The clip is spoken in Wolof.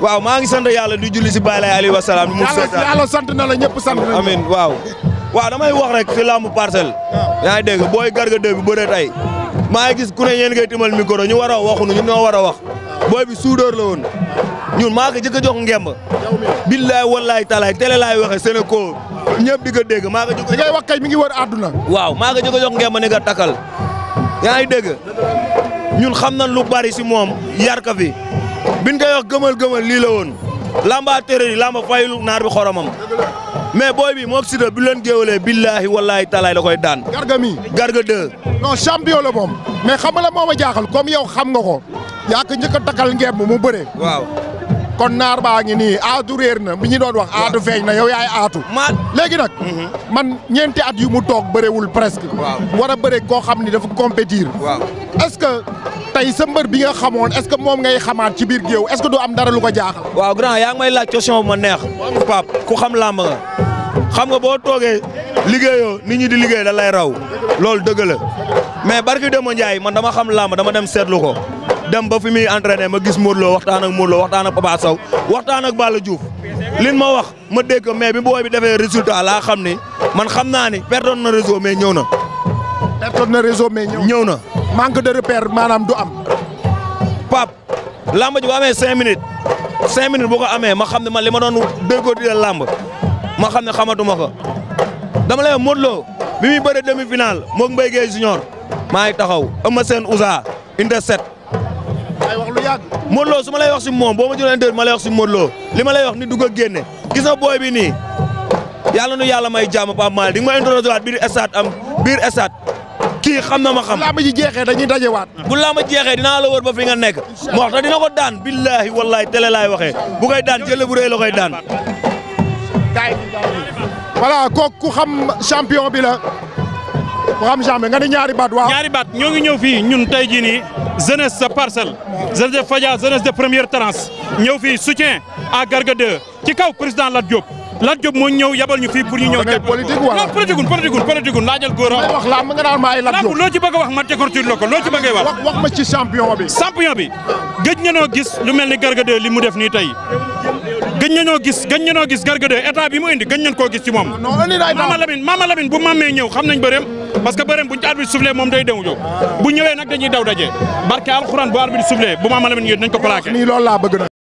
waaw maa ngi sant yàlla di julli si Baye Laye Aliou wasalaam. mu seetaan sant na la sant nañu. waaw. waaw damay wax rek si làmb parcelle. yaa ngi dëgg booy gar 2 bi bëree maa ngi gis ku ne yéen ngay timal micro ñu war a waxu ñu noo war a wax. booy bi suudóor la woon. ñun maa ko jëkk jox ngemb. billaay wallaay talaay télé laay waxe waxee Sénégal ñëpp di ko dégg maa ko jëkk. li wax kay mi ngi wër àdduna. waaw maa ko jëkk a jox ngemb ni nga yaa ngi dégg ñun xam nañ lu bari si moom yar ka biñ koy wax gëmal gëmal lii la woon lamba téere yi lamba fayul naar bi xoromam mais booy bi moog Siteu bi leen géewalee billaahi wallaahi talaay la koy daan. garga mi garga deux. non champion la moom mais xam nga la moo ma jaaxal comme yow xam nga ko yaa ko njëkk a takkal ngeem mu bëree. waaw kon naar baa ngi nii aatu réer na bi ñu doon wax. aatu feeñ na yow yaay aatu. man léegi nag. Mhm. man ñeenti at yu mu toog bëreewul presque. waaw war a bëree koo xam ni dafa compétir. waaw tey sa mbër bi nga xamoon est-ce que moom ngay xamaat ci biir géew est-ce du am dara lu ko jaaxal. waaw grand yaa ngi may laaj question ma neex pap ku xam làmb nga xam nga boo toogee liggéeyoo nit ñi di liggéey da lay raw loolu dëgg la mais barki Demba Ndiaye man dama xam làmb dama dem seetlu ko dem ba fi muy entraîné ma gis Modou Lo waxtaan ak Modou Lo waxtaan ak Papa Sow waxtaan ak Balla Diouf lin ma wax ma dégg mais bi booy bi defee résultat laa xam ni man xam naa ni perdoon na réseau mais ñëw na. perdoon na réseau mais ñëw na. manque de repère maanaam du am. Pape làmb ji bu amee cinq minutes cinq minutes bu ko amee ma xam ne ma li ma doon déggoo di la làmb ma xam ne duma ko dama lay Modou Lo bi muy bëre demi final moog Mbaye Guèye maa ngi taxaw Eumeu Sène Ouza inde set. ay wax lu yàgg. Modou Lo su ma lay wax si moom boo ma jëlee interview ma lay wax si li ma lay wax ni dugg ak génne gis nga booy bi nii yàlla nu yàlla may jàmm Pape Malick di ma introduire waat biir stade am biir stade. kii xam na ma xam. bu làmb ji jeexee dañuy waat bu làmb jeexee dina la wër ba fi nga nekk. moo tax dina ko daan billaahi wallaahi tele laay waxee bu koy daan jël bu rëy la koy daan. gaay voilà kooku ku xam champion bi la. ku xam champion nga ni ñaari baat waaw. ñaari baat ñoo ngi ñëw fi ñun tay jii nii jeunesse sa parcelle. jeunesse de Fadia jeunesse de première tranche. ñëw fii soutien à Garga 2 ci kaw président Lat Diop. Lat Diop moo ñëw yabal ñu fii pour ñu ñëw jàpp politique wala non politique laajal góor a wax làmb nga Lat Diop loo ci bëgg wax ma décortique la ko loo ci bëggee wax ma ci champion bi gëj nga gis lu mel ni Garga 2 li mu def nii tey gëj nga noo gis gëj nga bi mu indi gëj nañ koo gis ci moom Mama Lamine Mama Lamine bu mamee ñëw xam nañ bërëm parce que bërëm bu ñu arbitre soufflé moom day demu jóg bu ñëwee nag dañuy daw daje barke alxuraan bu arbitre soufflé bu Mama